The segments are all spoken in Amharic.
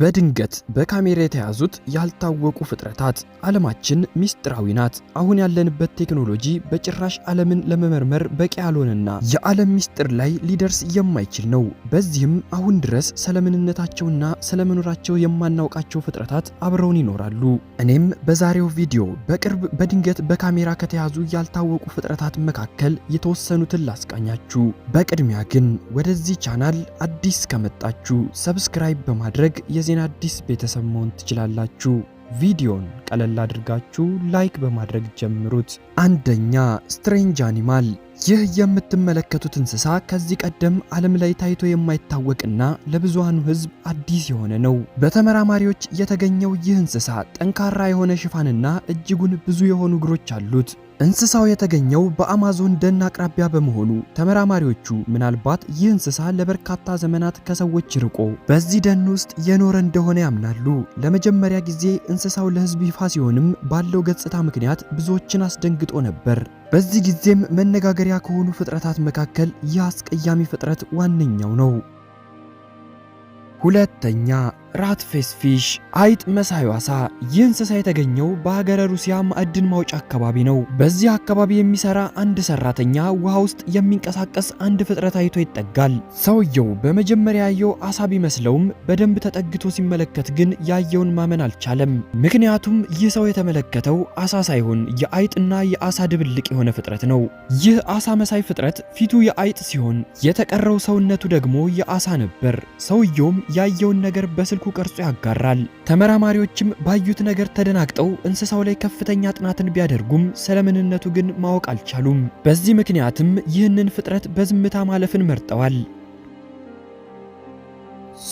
በድንገት በካሜራ የተያዙት ያልታወቁ ፍጥረታት። ዓለማችን ሚስጥራዊ ናት። አሁን ያለንበት ቴክኖሎጂ በጭራሽ ዓለምን ለመመርመር በቂ ያልሆነና የዓለም ሚስጥር ላይ ሊደርስ የማይችል ነው። በዚህም አሁን ድረስ ስለምንነታቸውና ስለመኖራቸው የማናውቃቸው ፍጥረታት አብረውን ይኖራሉ። እኔም በዛሬው ቪዲዮ በቅርብ በድንገት በካሜራ ከተያዙ ያልታወቁ ፍጥረታት መካከል የተወሰኑትን ላስቃኛችሁ። በቅድሚያ ግን ወደዚህ ቻናል አዲስ ከመጣችሁ ሰብስክራይብ በማድረግ የዜና አዲስ ቤተሰብ መሆን ትችላላችሁ። ቪዲዮን ቀለል አድርጋችሁ ላይክ በማድረግ ጀምሩት። አንደኛ ስትሬንጅ አኒማል ይህ የምትመለከቱት እንስሳ ከዚህ ቀደም ዓለም ላይ ታይቶ የማይታወቅና ለብዙሃኑ ሕዝብ አዲስ የሆነ ነው። በተመራማሪዎች የተገኘው ይህ እንስሳ ጠንካራ የሆነ ሽፋንና እጅጉን ብዙ የሆኑ እግሮች አሉት። እንስሳው የተገኘው በአማዞን ደን አቅራቢያ በመሆኑ ተመራማሪዎቹ ምናልባት ይህ እንስሳ ለበርካታ ዘመናት ከሰዎች ርቆ በዚህ ደን ውስጥ የኖረ እንደሆነ ያምናሉ። ለመጀመሪያ ጊዜ እንስሳው ለህዝብ ይፋ ሲሆንም ባለው ገጽታ ምክንያት ብዙዎችን አስደንግጦ ነበር። በዚህ ጊዜም መነጋገሪያ ከሆኑ ፍጥረታት መካከል ይህ አስቀያሚ ፍጥረት ዋነኛው ነው። ሁለተኛ ራት ፊሽ አይጥ መሳዩ አሳ። ይህ እንስሳ የተገኘው በሀገረ ሩሲያ ማዕድን ማውጫ አካባቢ ነው። በዚህ አካባቢ የሚሰራ አንድ ሰራተኛ ውሃ ውስጥ የሚንቀሳቀስ አንድ ፍጥረት አይቶ ይጠጋል። ሰውየው በመጀመሪያ ያየው አሳ ቢመስለውም በደንብ ተጠግቶ ሲመለከት ግን ያየውን ማመን አልቻለም። ምክንያቱም ይህ ሰው የተመለከተው አሳ ሳይሆን የአይጥና የአሳ ድብልቅ የሆነ ፍጥረት ነው። ይህ አሳ መሳይ ፍጥረት ፊቱ የአይጥ ሲሆን የተቀረው ሰውነቱ ደግሞ የአሳ ነበር። ሰውየውም ያየውን ነገር በስል መልኩ ቀርጾ ያጋራል። ተመራማሪዎችም ባዩት ነገር ተደናግጠው እንስሳው ላይ ከፍተኛ ጥናትን ቢያደርጉም ስለምንነቱ ግን ማወቅ አልቻሉም። በዚህ ምክንያትም ይህንን ፍጥረት በዝምታ ማለፍን መርጠዋል።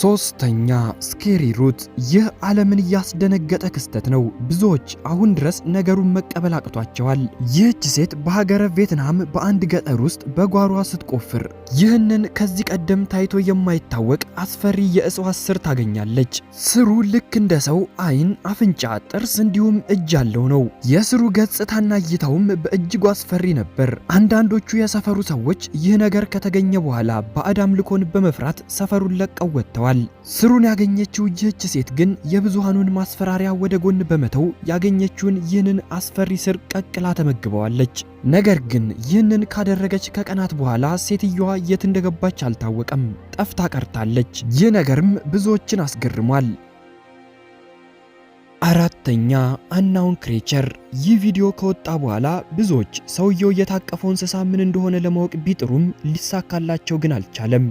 ሶስተኛ ስኬሪ ሩት። ይህ ዓለምን እያስደነገጠ ክስተት ነው። ብዙዎች አሁን ድረስ ነገሩን መቀበል አቅቷቸዋል። ይህች ሴት በሀገረ ቬትናም በአንድ ገጠር ውስጥ በጓሯ ስትቆፍር ይህንን ከዚህ ቀደም ታይቶ የማይታወቅ አስፈሪ የእጽዋት ስር ታገኛለች። ስሩ ልክ እንደ ሰው አይን፣ አፍንጫ፣ ጥርስ እንዲሁም እጅ ያለው ነው። የስሩ ገጽታና እይታውም በእጅጉ አስፈሪ ነበር። አንዳንዶቹ የሰፈሩ ሰዎች ይህ ነገር ከተገኘ በኋላ በአዳም ልኮን በመፍራት ሰፈሩን ለቀው ወጥተዋል። ተሰናድተዋል። ስሩን ያገኘችው ይህች ሴት ግን የብዙሃኑን ማስፈራሪያ ወደ ጎን በመተው ያገኘችውን ይህንን አስፈሪ ስር ቀቅላ ተመግበዋለች። ነገር ግን ይህንን ካደረገች ከቀናት በኋላ ሴትየዋ የት እንደገባች አልታወቀም፣ ጠፍታ ቀርታለች። ይህ ነገርም ብዙዎችን አስገርሟል። አራተኛ አናውን ክሬቸር። ይህ ቪዲዮ ከወጣ በኋላ ብዙዎች ሰውየው የታቀፈው እንስሳ ምን እንደሆነ ለማወቅ ቢጥሩም ሊሳካላቸው ግን አልቻለም።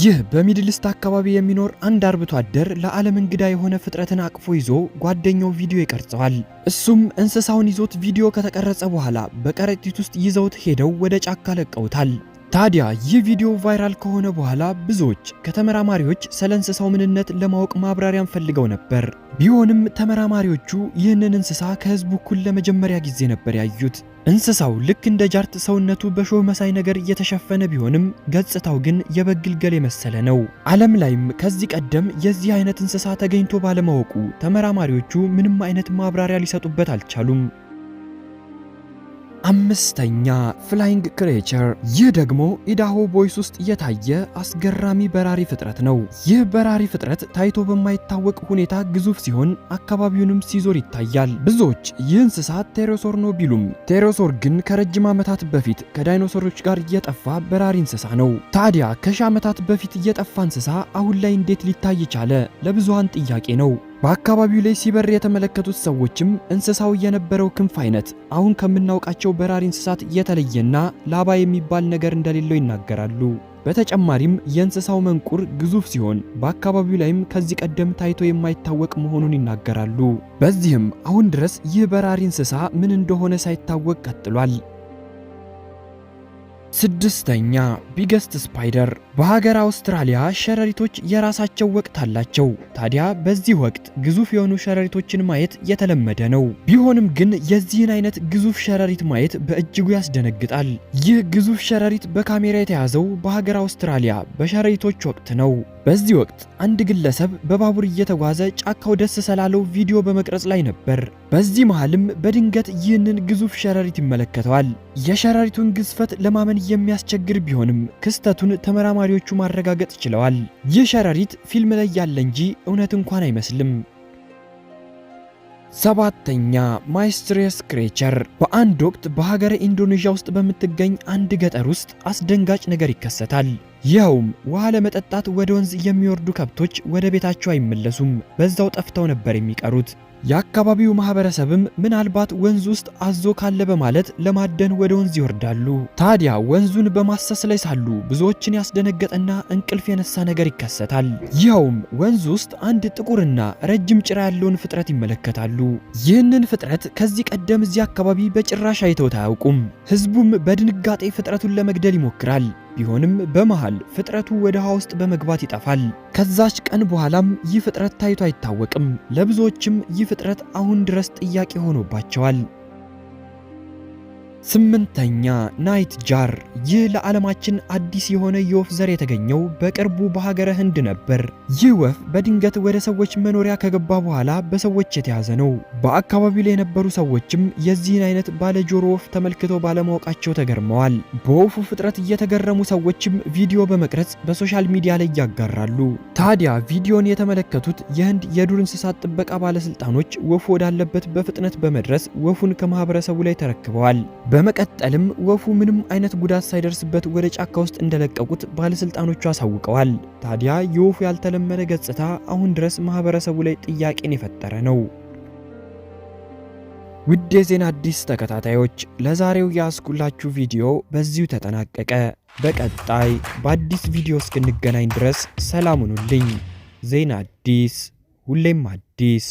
ይህ በሚድልስት አካባቢ የሚኖር አንድ አርብቶ አደር ለዓለም እንግዳ የሆነ ፍጥረትን አቅፎ ይዞ ጓደኛው ቪዲዮ ይቀርጸዋል። እሱም እንስሳውን ይዞት ቪዲዮ ከተቀረጸ በኋላ በከረጢት ውስጥ ይዘውት ሄደው ወደ ጫካ ለቀውታል። ታዲያ ይህ ቪዲዮ ቫይራል ከሆነ በኋላ ብዙዎች ከተመራማሪዎች ስለ እንስሳው ምንነት ለማወቅ ማብራሪያን ፈልገው ነበር። ቢሆንም ተመራማሪዎቹ ይህንን እንስሳ ከህዝቡ እኩል ለመጀመሪያ ጊዜ ነበር ያዩት። እንስሳው ልክ እንደ ጃርት ሰውነቱ በሾህ መሳይ ነገር የተሸፈነ ቢሆንም ገጽታው ግን የበግ ግልገል የመሰለ ነው። ዓለም ላይም ከዚህ ቀደም የዚህ አይነት እንስሳ ተገኝቶ ባለማወቁ ተመራማሪዎቹ ምንም አይነት ማብራሪያ ሊሰጡበት አልቻሉም። አምስተኛ ፍላይንግ ክሬቸር። ይህ ደግሞ ኢዳሆ ቦይስ ውስጥ የታየ አስገራሚ በራሪ ፍጥረት ነው። ይህ በራሪ ፍጥረት ታይቶ በማይታወቅ ሁኔታ ግዙፍ ሲሆን አካባቢውንም ሲዞር ይታያል። ብዙዎች ይህ እንስሳ ቴሮሶር ነው ቢሉም ቴሮሶር ግን ከረጅም ዓመታት በፊት ከዳይኖሰሮች ጋር የጠፋ በራሪ እንስሳ ነው። ታዲያ ከሺ ዓመታት በፊት የጠፋ እንስሳ አሁን ላይ እንዴት ሊታይ ቻለ? ለብዙሃን ጥያቄ ነው። በአካባቢው ላይ ሲበር የተመለከቱት ሰዎችም እንስሳው የነበረው ክንፍ አይነት አሁን ከምናውቃቸው በራሪ እንስሳት የተለየና ላባ የሚባል ነገር እንደሌለው ይናገራሉ። በተጨማሪም የእንስሳው መንቁር ግዙፍ ሲሆን በአካባቢው ላይም ከዚህ ቀደም ታይቶ የማይታወቅ መሆኑን ይናገራሉ። በዚህም አሁን ድረስ ይህ በራሪ እንስሳ ምን እንደሆነ ሳይታወቅ ቀጥሏል። ስድስተኛ ቢገስት ስፓይደር። በሀገር አውስትራሊያ ሸረሪቶች የራሳቸው ወቅት አላቸው። ታዲያ በዚህ ወቅት ግዙፍ የሆኑ ሸረሪቶችን ማየት የተለመደ ነው። ቢሆንም ግን የዚህን አይነት ግዙፍ ሸረሪት ማየት በእጅጉ ያስደነግጣል። ይህ ግዙፍ ሸረሪት በካሜራ የተያዘው በሀገር አውስትራሊያ በሸረሪቶች ወቅት ነው። በዚህ ወቅት አንድ ግለሰብ በባቡር እየተጓዘ ጫካው ደስ ስላለው ቪዲዮ በመቅረጽ ላይ ነበር። በዚህ መሃልም በድንገት ይህንን ግዙፍ ሸረሪት ይመለከተዋል። የሸረሪቱን ግዝፈት ለማመን የሚያስቸግር ቢሆንም ክስተቱን ተመራማሪዎቹ ማረጋገጥ ችለዋል። ይህ ሸረሪት ፊልም ላይ ያለ እንጂ እውነት እንኳን አይመስልም። ሰባተኛ ማይስትሬስ ክሬቸር። በአንድ ወቅት በሀገረ ኢንዶኔዥያ ውስጥ በምትገኝ አንድ ገጠር ውስጥ አስደንጋጭ ነገር ይከሰታል። ይኸውም ውሃ ለመጠጣት ወደ ወንዝ የሚወርዱ ከብቶች ወደ ቤታቸው አይመለሱም፣ በዛው ጠፍተው ነበር የሚቀሩት። የአካባቢው ማህበረሰብም ምናልባት ወንዝ ውስጥ አዞ ካለ በማለት ለማደን ወደ ወንዝ ይወርዳሉ። ታዲያ ወንዙን በማሰስ ላይ ሳሉ ብዙዎችን ያስደነገጠና እንቅልፍ የነሳ ነገር ይከሰታል። ይኸውም ወንዝ ውስጥ አንድ ጥቁርና ረጅም ጭራ ያለውን ፍጥረት ይመለከታሉ። ይህንን ፍጥረት ከዚህ ቀደም እዚህ አካባቢ በጭራሽ አይተውት አያውቁም። ህዝቡም በድንጋጤ ፍጥረቱን ለመግደል ይሞክራል። ቢሆንም በመሃል ፍጥረቱ ወደ ውሃ ውስጥ በመግባት ይጠፋል። ከዛች ቀን በኋላም ይህ ፍጥረት ታይቶ አይታወቅም። ለብዙዎችም ይህ ፍጥረት አሁን ድረስ ጥያቄ ሆኖባቸዋል። ስምንተኛ ናይት ጃር። ይህ ለዓለማችን አዲስ የሆነ የወፍ ዘር የተገኘው በቅርቡ በሀገረ ህንድ ነበር። ይህ ወፍ በድንገት ወደ ሰዎች መኖሪያ ከገባ በኋላ በሰዎች የተያዘ ነው። በአካባቢው ላይ የነበሩ ሰዎችም የዚህን አይነት ባለጆሮ ወፍ ተመልክተው ባለማወቃቸው ተገርመዋል። በወፉ ፍጥረት እየተገረሙ ሰዎችም ቪዲዮ በመቅረጽ በሶሻል ሚዲያ ላይ ያጋራሉ። ታዲያ ቪዲዮን የተመለከቱት የህንድ የዱር እንስሳት ጥበቃ ባለስልጣኖች ወፉ ወዳለበት በፍጥነት በመድረስ ወፉን ከማህበረሰቡ ላይ ተረክበዋል። በመቀጠልም ወፉ ምንም አይነት ጉዳት ሳይደርስበት ወደ ጫካ ውስጥ እንደለቀቁት ባለስልጣኖቹ አሳውቀዋል። ታዲያ የወፉ ያልተለመደ ገጽታ አሁን ድረስ ማህበረሰቡ ላይ ጥያቄን የፈጠረ ነው። ውድ የዜና አዲስ ተከታታዮች ለዛሬው ያስኩላችሁ ቪዲዮ በዚሁ ተጠናቀቀ። በቀጣይ በአዲስ ቪዲዮ እስክንገናኝ ድረስ ሰላም ሁኑልኝ። ዜና አዲስ ሁሌም አዲስ